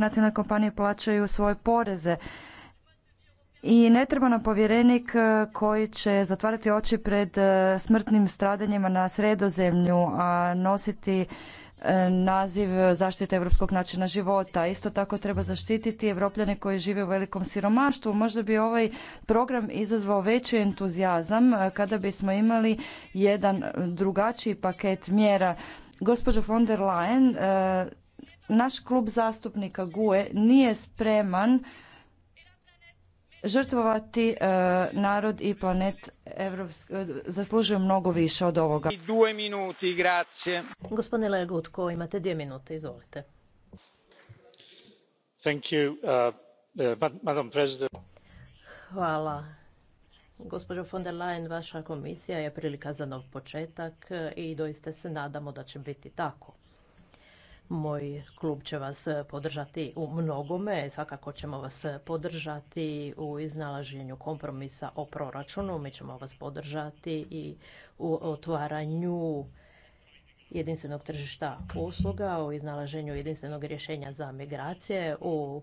nacionalne kompanije plaćaju svoje poreze. I ne treba nam povjerenik e, koji će zatvarati oči pred e, smrtnim stradanjima na sredozemlju, a nositi e, naziv zaštite europskog načina života. Isto tako treba zaštititi evropljane koji žive u velikom siromaštvu. Možda bi ovaj program izazvao veći entuzijazam kada bismo imali jedan drugačiji paket mjera. Gospođo von der Leyen, naš klub zastupnika GUE nije spreman žrtvovati e, narod i planet Evropsk, zaslužuje mnogo više od ovoga. dvije minuti, grazie. Gospodine Legutko, imate dvije minute, izvolite. Thank you, uh, uh, madam president. Hvala. Gospođo von der Leyen, vaša komisija je prilika za nov početak e, i doista se nadamo da će biti tako. Moj klub će vas e, podržati u mnogome, svakako ćemo vas e, podržati u iznalaženju kompromisa o proračunu, mi ćemo vas podržati i u otvaranju jedinstvenog tržišta usluga, u iznalaženju jedinstvenog rješenja za migracije, u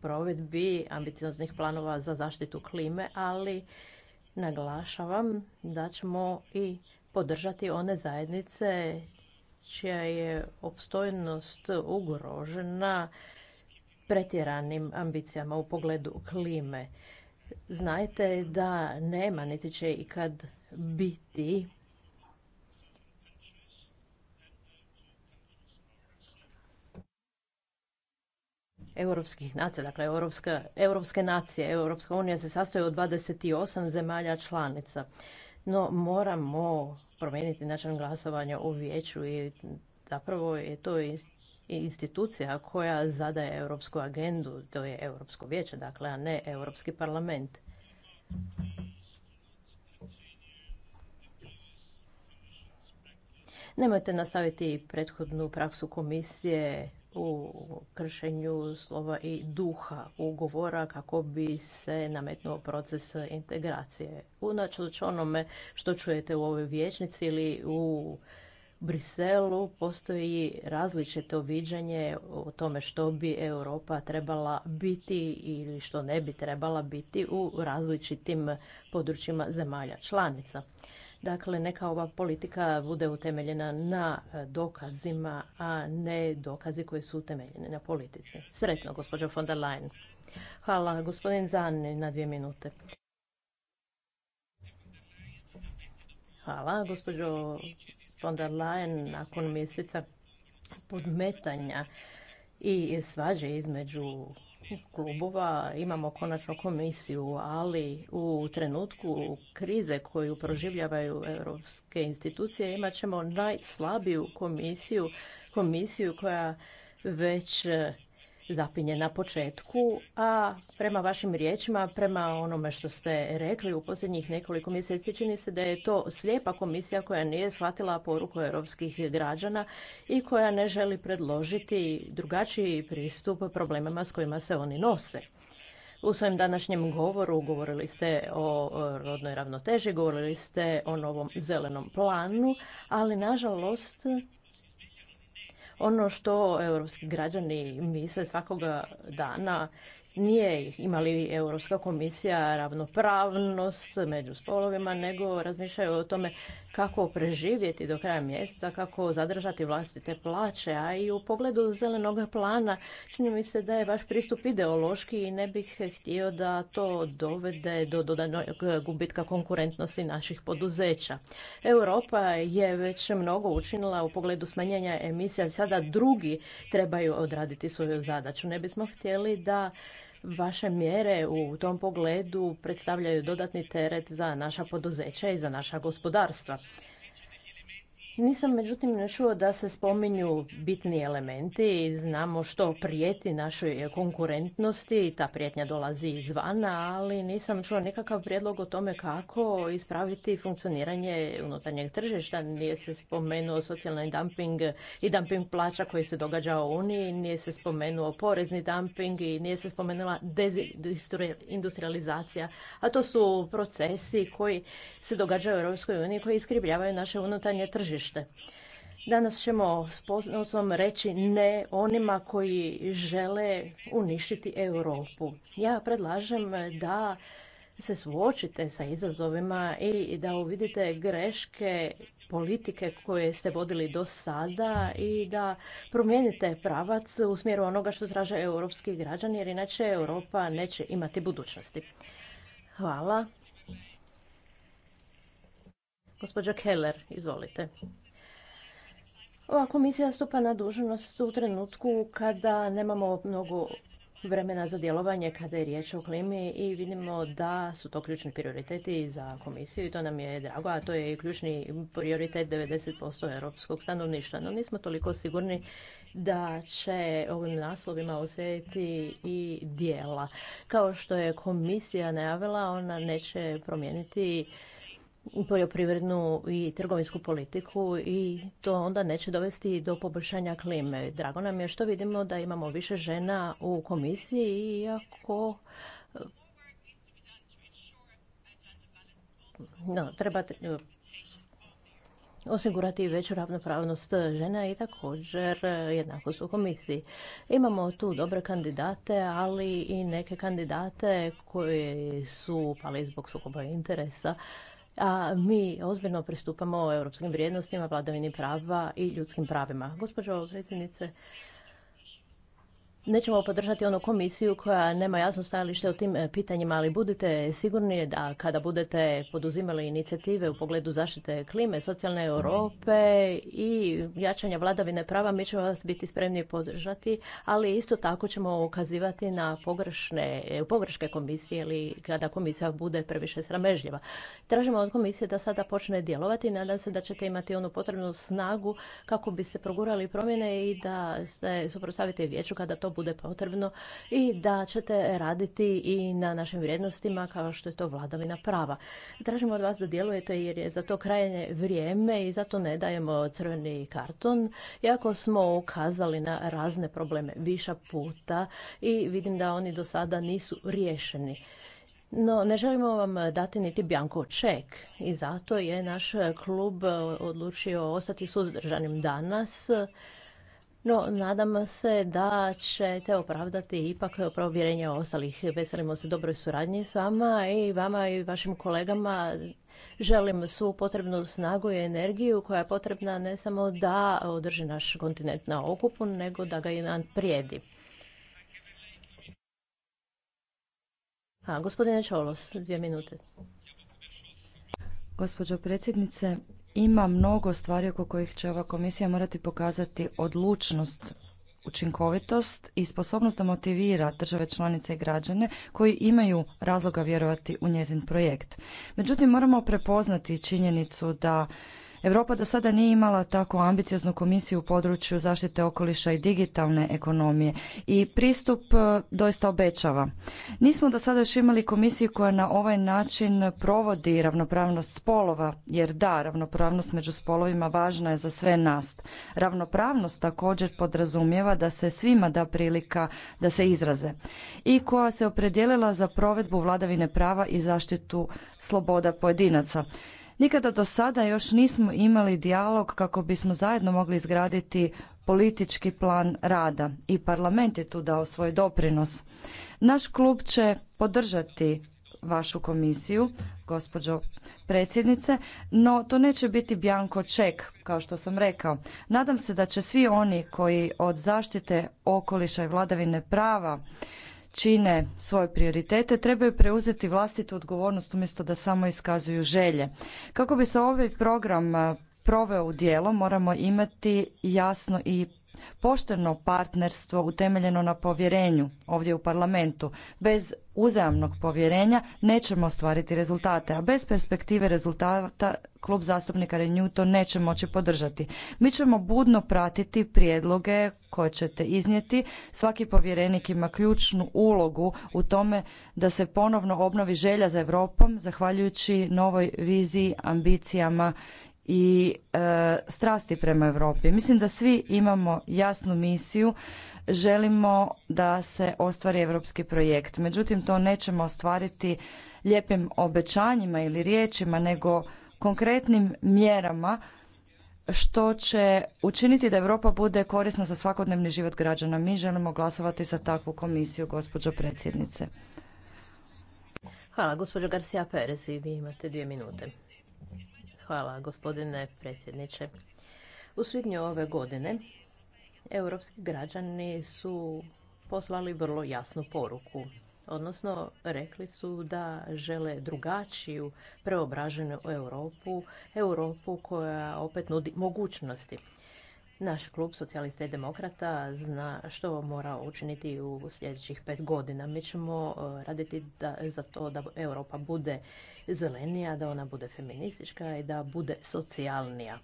provedbi ambicioznih planova za zaštitu klime, ali naglašavam da ćemo i podržati one zajednice čija je opstojnost ugrožena pretjeranim ambicijama u pogledu klime. Znajte da nema niti će ikad biti europskih nacija, dakle europske nacije. Europska unija se sastoji od 28 zemalja članica no moramo promijeniti način glasovanja u vijeću i zapravo je to institucija koja zadaje europsku agendu, to je Europsko vijeće, dakle, a ne Europski parlament. Nemojte nastaviti prethodnu praksu komisije u kršenju slova i duha ugovora kako bi se nametnuo proces integracije. Unatoč onome što čujete u ovoj vijećnici ili u Briselu postoji različito viđanje o tome što bi Europa trebala biti ili što ne bi trebala biti u različitim područjima zemalja članica. Dakle, neka ova politika bude utemeljena na e, dokazima, a ne dokazi koji su utemeljeni na politici. Sretno, gospođo von der Leyen. Hvala, gospodin Zani, na dvije minute. Hvala, gospođo von der Leyen, nakon mjeseca podmetanja i svađe između klubova imamo konačno komisiju, ali u trenutku krize koju proživljavaju europske institucije imat ćemo najslabiju komisiju, komisiju koja već zapinje na početku, a prema vašim riječima, prema onome što ste rekli u posljednjih nekoliko mjeseci, čini se da je to slijepa komisija koja nije shvatila poruku europskih građana i koja ne želi predložiti drugačiji pristup problemima s kojima se oni nose. U svojem današnjem govoru govorili ste o rodnoj ravnoteži, govorili ste o novom zelenom planu, ali nažalost ono što europski građani misle svakoga dana nije imali Europska komisija ravnopravnost među spolovima, nego razmišljaju o tome kako preživjeti do kraja mjeseca, kako zadržati vlastite plaće, a i u pogledu zelenog plana čini mi se da je vaš pristup ideološki i ne bih htio da to dovede do dodanog gubitka konkurentnosti naših poduzeća. Europa je već mnogo učinila u pogledu smanjenja emisija, sada drugi trebaju odraditi svoju zadaću. Ne bismo htjeli da Vaše mjere u tom pogledu predstavljaju dodatni teret za naša poduzeća i za naša gospodarstva. Nisam međutim čuo da se spominju bitni elementi znamo što prijeti našoj konkurentnosti. Ta prijetnja dolazi izvana, ali nisam čuo nikakav prijedlog o tome kako ispraviti funkcioniranje unutarnjeg tržišta. Nije se spomenuo socijalni dumping i dumping plaća koji se događa u Uniji, nije se spomenuo porezni dumping i nije se spomenula industrializacija. A to su procesi koji se događaju u Europskoj uniji koji iskrivljavaju naše unutarnje tržište tržište. Danas ćemo s ponosom reći ne onima koji žele uništiti Europu. Ja predlažem da se suočite sa izazovima i da uvidite greške politike koje ste vodili do sada i da promijenite pravac u smjeru onoga što traže europski građani jer inače Europa neće imati budućnosti. Hvala. Gospođa Keller, izvolite. Ova komisija stupa na dužnost u trenutku kada nemamo mnogo vremena za djelovanje kada je riječ o klimi i vidimo da su to ključni prioriteti za komisiju i to nam je drago, a to je i ključni prioritet 90% europskog stanovništva. No nismo toliko sigurni da će ovim naslovima osjetiti i dijela. Kao što je komisija najavila, ona neće promijeniti poljoprivrednu i trgovinsku politiku i to onda neće dovesti do poboljšanja klime. Drago nam je što vidimo da imamo više žena u komisiji iako e, no, treba e, osigurati veću ravnopravnost žena i također e, jednakost u komisiji. Imamo tu dobre kandidate, ali i neke kandidate koji su pali zbog sukoba interesa a mi ozbiljno pristupamo europskim vrijednostima, vladavini prava i ljudskim pravima. Gospođo predsjednice, nećemo podržati onu komisiju koja nema jasno stajalište o tim e, pitanjima, ali budite sigurni da kada budete poduzimali inicijative u pogledu zaštite klime, socijalne Europe i jačanja vladavine prava, mi ćemo vas biti spremni podržati, ali isto tako ćemo ukazivati na pogrešne, e, pogreške komisije ili kada komisija bude previše sramežljiva. Tražimo od komisije da sada počne djelovati i nadam se da ćete imati onu potrebnu snagu kako biste progurali promjene i da se suprotstavite vijeću kada to bude potrebno i da ćete raditi i na našim vrijednostima kao što je to vladavina prava. Tražimo od vas da djelujete jer je za to krajnje vrijeme i zato ne dajemo crveni karton. Iako smo ukazali na razne probleme viša puta i vidim da oni do sada nisu riješeni. No, ne želimo vam dati niti bjanko ček i zato je naš klub odlučio ostati suzdržanim danas no nadam se da ćete opravdati ipak provjerenje ostalih. Veselimo se dobroj suradnji s vama i vama i vašim kolegama. Želim svu potrebnu snagu i energiju koja je potrebna ne samo da održi naš kontinent na okupu, nego da ga i nam prijedi. gospodine Čolos, dvije minute. Gospođo predsjednice, ima mnogo stvari oko kojih će ova komisija morati pokazati odlučnost učinkovitost i sposobnost da motivira države članice i građane koji imaju razloga vjerovati u njezin projekt. Međutim, moramo prepoznati činjenicu da Europa do sada nije imala tako ambicioznu komisiju u području zaštite okoliša i digitalne ekonomije i pristup e, doista obećava. Nismo do sada još imali komisiju koja na ovaj način provodi ravnopravnost spolova, jer da, ravnopravnost među spolovima važna je za sve nas. Ravnopravnost također podrazumijeva da se svima da prilika da se izraze i koja se opredijelila za provedbu vladavine prava i zaštitu sloboda pojedinaca. Nikada do sada još nismo imali dijalog kako bismo zajedno mogli izgraditi politički plan rada i parlament je tu dao svoj doprinos. Naš klub će podržati vašu komisiju, gospođo predsjednice, no to neće biti bjanko ček, kao što sam rekao. Nadam se da će svi oni koji od zaštite okoliša i vladavine prava čine svoje prioritete trebaju preuzeti vlastitu odgovornost umjesto da samo iskazuju želje. Kako bi se ovaj program proveo u djelo moramo imati jasno i pošteno partnerstvo utemeljeno na povjerenju ovdje u parlamentu bez uzajamnog povjerenja nećemo ostvariti rezultate, a bez perspektive rezultata klub zastupnika Renew to neće moći podržati. Mi ćemo budno pratiti prijedloge koje ćete iznijeti. Svaki povjerenik ima ključnu ulogu u tome da se ponovno obnovi želja za Europom zahvaljujući novoj viziji, ambicijama i e, strasti prema Europi. Mislim da svi imamo jasnu misiju želimo da se ostvari europski projekt. Međutim, to nećemo ostvariti lijepim obećanjima ili riječima, nego konkretnim mjerama što će učiniti da Europa bude korisna za svakodnevni život građana. Mi želimo glasovati za takvu komisiju, gospođo predsjednice. Hvala, gospođo Garcia Perez, i vi imate dvije minute. Hvala, gospodine predsjedniče. U svibnju ove godine europski građani su poslali vrlo jasnu poruku odnosno rekli su da žele drugačiju preobraženu Europu, Europu koja opet nudi mogućnosti. Naš klub socijalista i demokrata zna što mora učiniti u sljedećih pet godina. Mi ćemo e, raditi da, za to da Europa bude zelenija, da ona bude feministička i da bude socijalnija.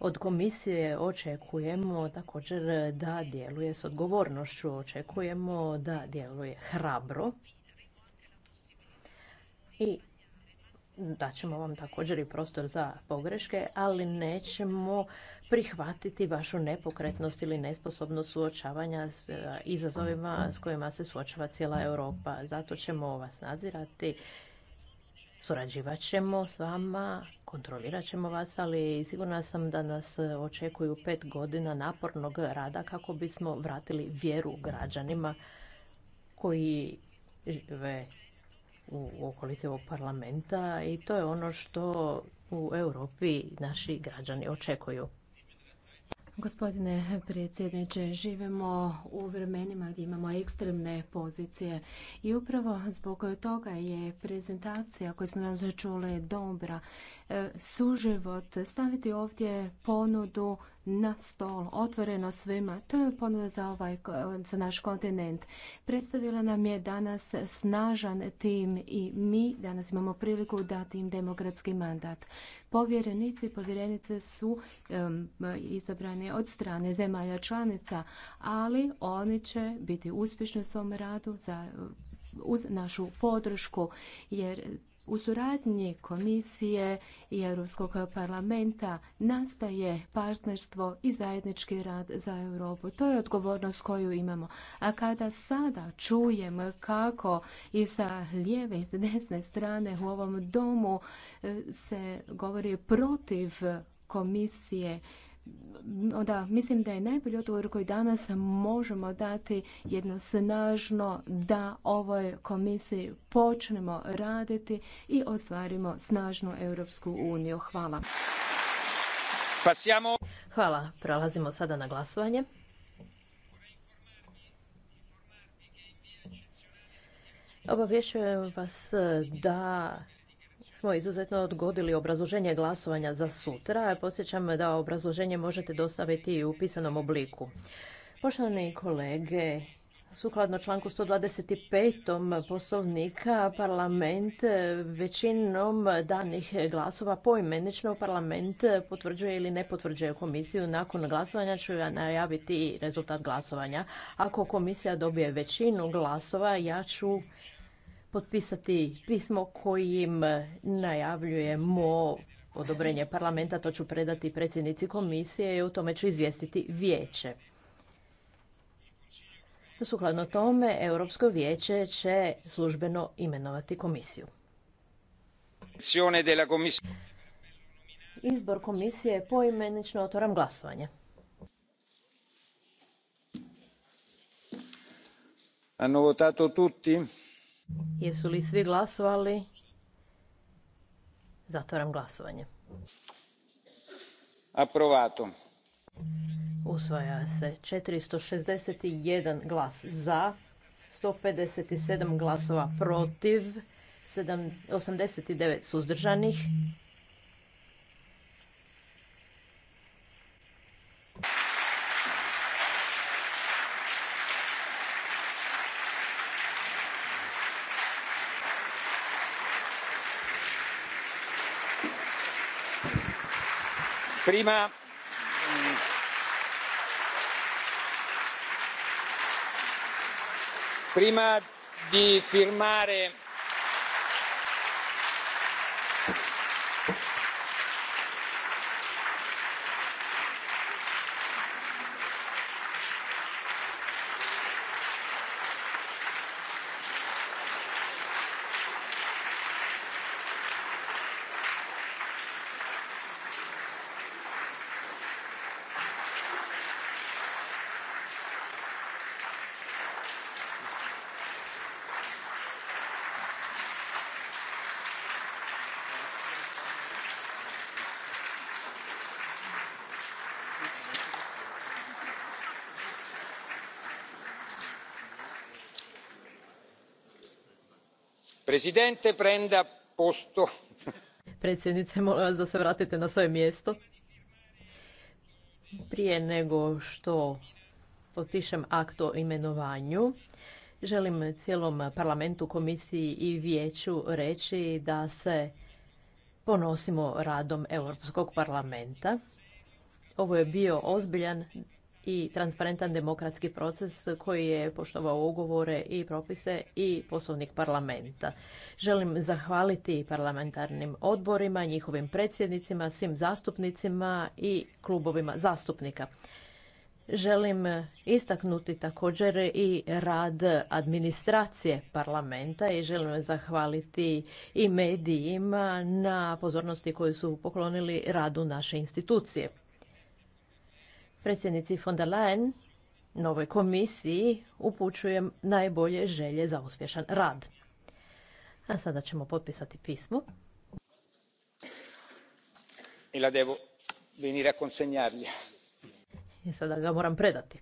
Od komisije očekujemo također da djeluje s odgovornošću, očekujemo da djeluje hrabro i ćemo vam također i prostor za pogreške, ali nećemo prihvatiti vašu nepokretnost ili nesposobnost suočavanja s e, izazovima s kojima se suočava cijela Europa. Zato ćemo vas nadzirati, surađivat ćemo s vama kontrolirat ćemo vas, ali sigurna sam da nas očekuju pet godina napornog rada kako bismo vratili vjeru građanima koji žive u okolici ovog parlamenta i to je ono što u Europi naši građani očekuju. Gospodine predsjedniče, živimo u vremenima gdje imamo ekstremne pozicije i upravo zbog toga je prezentacija koju smo danas čuli dobra. E, suživot, staviti ovdje ponudu na stol, otvoreno svima. To je ponuda za, ovaj, za naš kontinent. Predstavila nam je danas snažan tim i mi danas imamo priliku dati im demokratski mandat. Povjerenici i povjerenice su um, od strane zemalja članica, ali oni će biti uspješni u svom radu za uz našu podršku jer u suradnji komisije i Europskog parlamenta nastaje partnerstvo i zajednički rad za Europu. To je odgovornost koju imamo. A kada sada čujem kako i sa lijeve i s desne strane u ovom domu e, se govori protiv komisije da, mislim da je najbolji odgovor koji danas možemo dati jedno snažno da ovoj komisiji počnemo raditi i ostvarimo snažnu Europsku uniju. Hvala. Hvala. Prelazimo sada na glasovanje. Obavješujem vas da smo izuzetno odgodili obrazloženje glasovanja za sutra. Posjećam da obrazloženje možete dostaviti i u pisanom obliku. Poštovani kolege, Sukladno članku 125. poslovnika parlament većinom danih glasova poimenično parlament potvrđuje ili ne potvrđuje komisiju. Nakon glasovanja ću ja najaviti rezultat glasovanja. Ako komisija dobije većinu glasova, ja ću potpisati pismo kojim najavljujemo odobrenje parlamenta. To ću predati predsjednici komisije i u tome ću izvijestiti vijeće. Sukladno tome, Europsko vijeće će službeno imenovati komisiju. Izbor komisije poimenično otvoram glasovanje. Hanno votato tutti? Jesu li svi glasovali? Zatvaram glasovanje. Aprovato. Usvaja se 461 glas za, 157 glasova protiv, 89 suzdržanih. prima prima di firmare Predsjednice, molim vas da se vratite na svoje mjesto. Prije nego što potpišem akt o imenovanju, želim cijelom parlamentu, komisiji i vijeću reći da se ponosimo radom Europskog parlamenta. Ovo je bio ozbiljan i transparentan demokratski proces koji je poštovao ugovore i propise i poslovnik parlamenta. Želim zahvaliti parlamentarnim odborima, njihovim predsjednicima, svim zastupnicima i klubovima zastupnika. Želim istaknuti također i rad administracije parlamenta i želim zahvaliti i medijima na pozornosti koju su poklonili radu naše institucije predsjednici von der Leyen, novoj komisiji, upućujem najbolje želje za uspješan rad. A sada ćemo potpisati pismo. I e devo I e sada ga moram predati.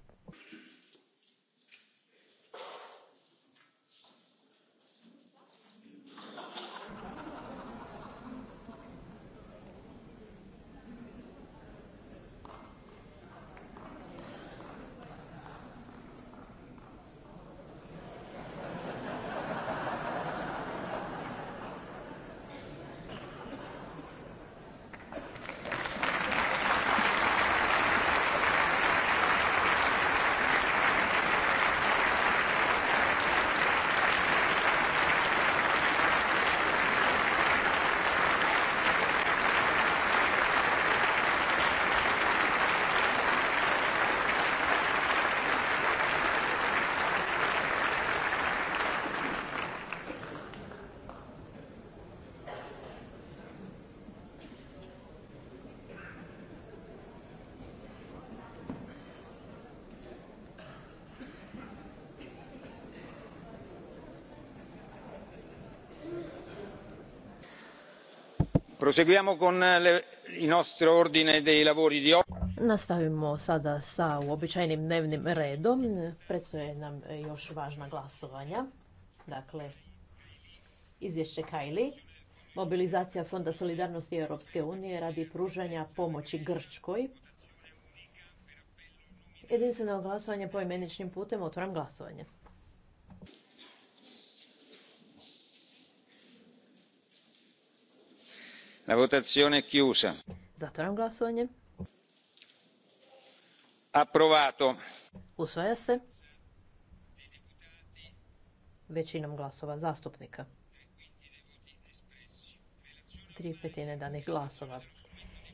Eh, Nastavimo sada sa uobičajenim dnevnim redom. Predstoje nam eh, još važna glasovanja. Dakle, izvješće Kajli. Mobilizacija Fonda solidarnosti Europske unije radi pružanja pomoći Grčkoj. Jedinstveno glasovanje poimeničnim putem. Otvoram glasovanje. La votazione è chiusa. Zatvaram glasovanje. Approvato. Usvaja se većinom glasova zastupnika. Tri petine danih glasova.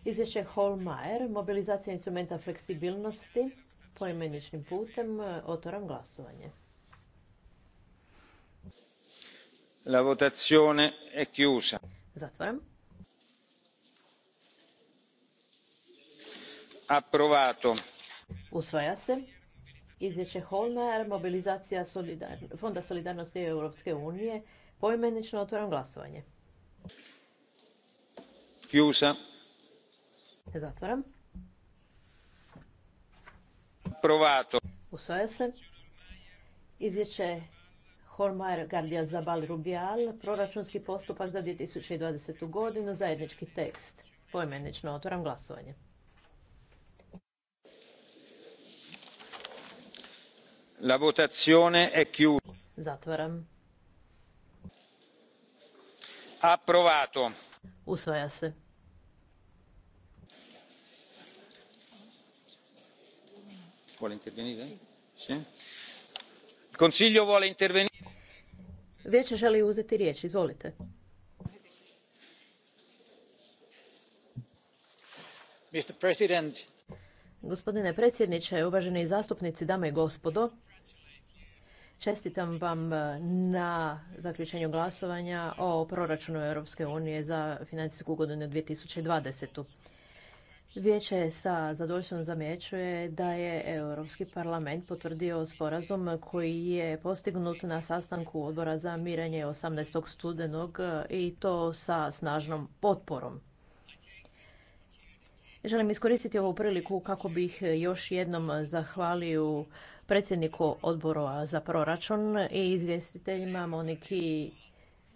Izvješće Holmeier. mobilizacija instrumenta fleksibilnosti poimeničnim putem, Otvaram glasovanje. La votazione è chiusa. Zatvaram. Aprovato. usvaja se izvješće Holmajer, mobilizacija Fonda solidarnosti Europske unije, poimenično otvaram glasovanje. Zatvaram. Aprovato. Usvaja se. Izvješće Hormajer Gardija Zabal Rubial. proračunski postupak za 2020. godinu, zajednički tekst. Poimenično otvaram glasovanje. La votazione è chiusa. Zatvaram. Approvato. Usvaja se. Vuole intervenire? Sì. Sì. Consiglio vuole intervenire. Vijeće želi uzeti riječ, izvolite. Mr. President. Gospodine predsjedniče, uvaženi zastupnici, dame i gospodo, Čestitam vam e, na zaključenju glasovanja o proračunu Europske unije za financijsku godinu 2020. Vijeće sa zadovoljstvom zamjećuje da je Europski parlament potvrdio sporazum koji je postignut na sastanku odbora za miranje 18. studenog e, i to sa snažnom potporom. Želim iskoristiti ovu priliku kako bih još jednom zahvalio predsjedniku odbora za proračun i izvjestiteljima Moniki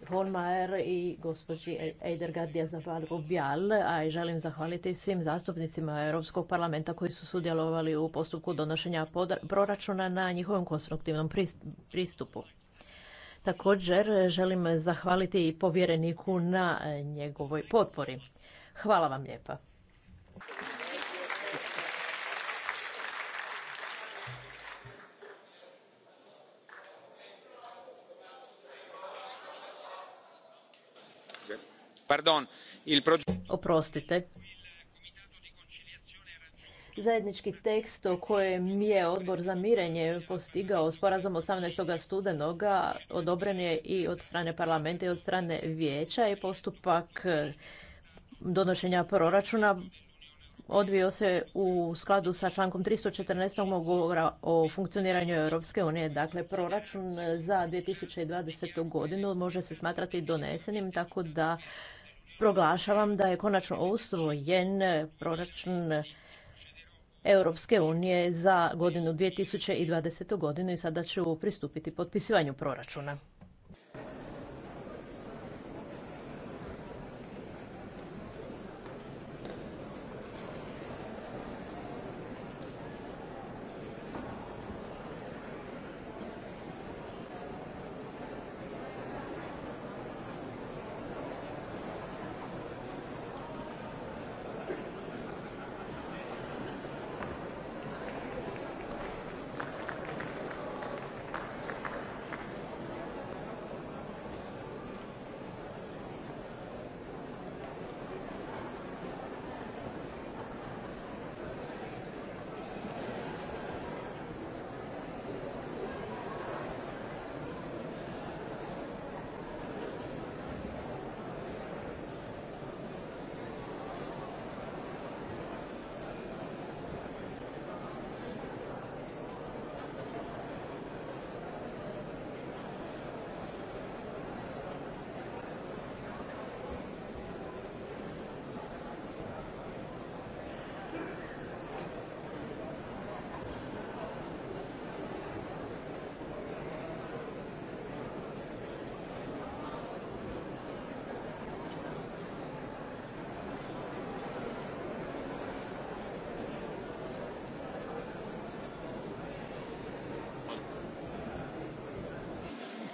Holmajer i gospođi Eidergard Zapalgo-Bjal, a i želim zahvaliti svim zastupnicima Europskog parlamenta koji su sudjelovali u postupku donošenja proračuna na njihovom konstruktivnom pristupu. Također želim zahvaliti i povjereniku na njegovoj potpori. Hvala vam lijepa. Oprostite. Zajednički tekst o kojem je odbor za mirenje postigao sporazum 18. studenoga odobren je i od strane parlamenta i od strane vijeća i postupak donošenja proračuna odvio se u skladu sa člankom 314. ugovora o funkcioniranju Europske unije. Dakle, proračun za 2020. godinu može se smatrati donesenim, tako da proglašavam da je konačno usvojen proračun Europske unije za godinu 2020. godinu i sada ću pristupiti potpisivanju proračuna.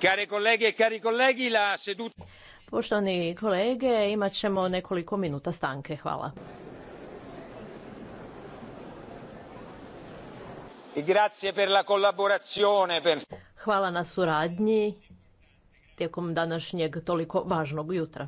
E Poštovani kolege, imat ćemo nekoliko minuta stanke. Hvala. E Hvala na suradnji tijekom današnjeg toliko važnog jutra.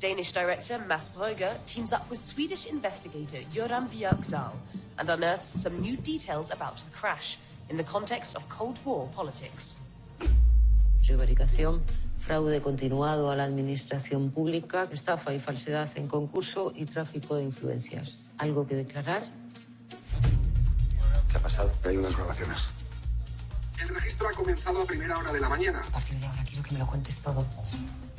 Danish director Mass Breuger teams up with Swedish investigator Joran Björkdahl and unearths some new details about the crash in the context of Cold War politics. Prevaricación, fraude continuado a la administración pública, estafa y falsedad en concurso y tráfico de influencias. ¿Algo que declarar? ¿Qué ha pasado? Hay unas grabaciones. El registro ha comenzado a primera hora de la mañana. A partir de ahora quiero que me lo cuentes todo.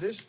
This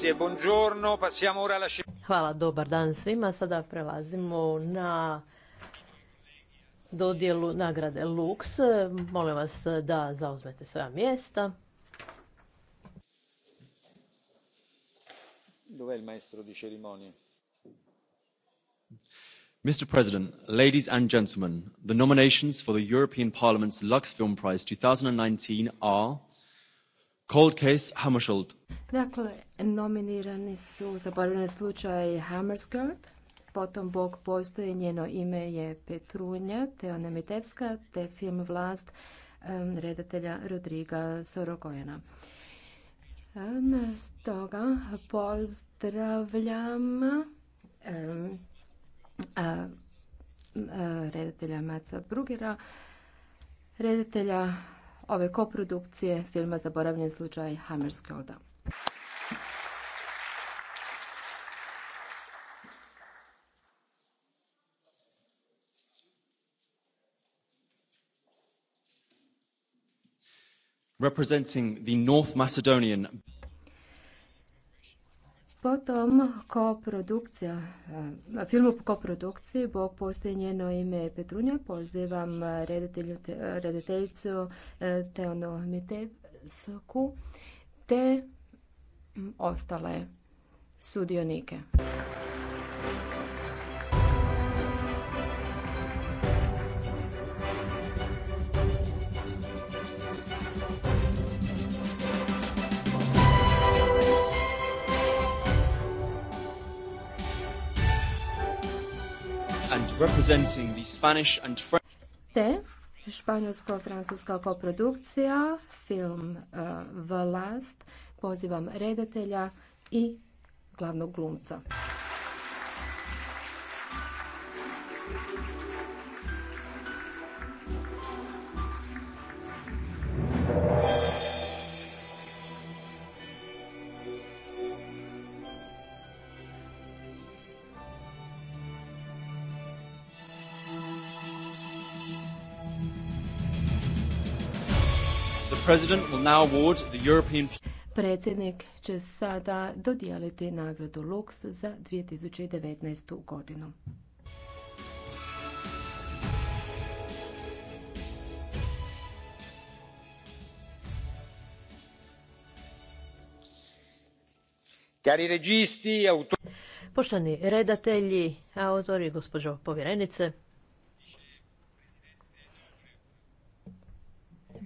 Grazie, buongiorno. Passiamo ora alla... Hvala, dobar dan svima. Sada prelazimo na dodjelu nagrade Lux. Molim vas da zauzmete svoja mjesta. Dov'è maestro di cerimonie? Mr President, ladies and gentlemen, the nominations for the European Parliament's Lux Film Prize 2019 are Cold Case Dakle, nominirani su za borbeni slučaj Hammerskirt, potom Bog postoji, njeno ime je Petrunja, Teona Mitevska, te film Vlast redatelja Rodriga Sorogojena. Um, stoga pozdravljam a, redatelja Maca Brugera, redatelja ove koprodukcije filma Zaboravljen slučaj Hammerskjolda. representing the North Macedonian Potom koprodukcija, e, film u koprodukciji Bog postoji njeno ime Petrunja, pozivam redateljicu e, Teonomite Mitevsku te ostale sudionike. representing the Spanish and French te španjolsko-francuska koprodukcija, film uh, Last, pozivam redatelja i glavnog glumca. President will now award the European... Predsjednik će sada dodijeliti nagradu Lux za 2019. godinu. Cari registi, autori... Poštovani redatelji, autori, gospođo povjerenice,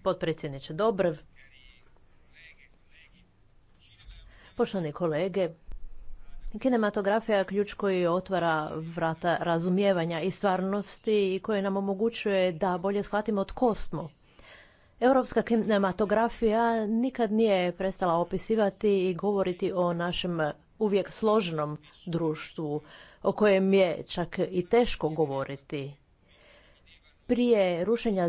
potpredsjedniče Dobrev, poštovani kolege, Kinematografija je ključ koji otvara vrata razumijevanja i stvarnosti i koji nam omogućuje da bolje shvatimo od smo. Europska kinematografija nikad nije prestala opisivati i govoriti o našem uvijek složenom društvu, o kojem je čak i teško govoriti. Prije rušenja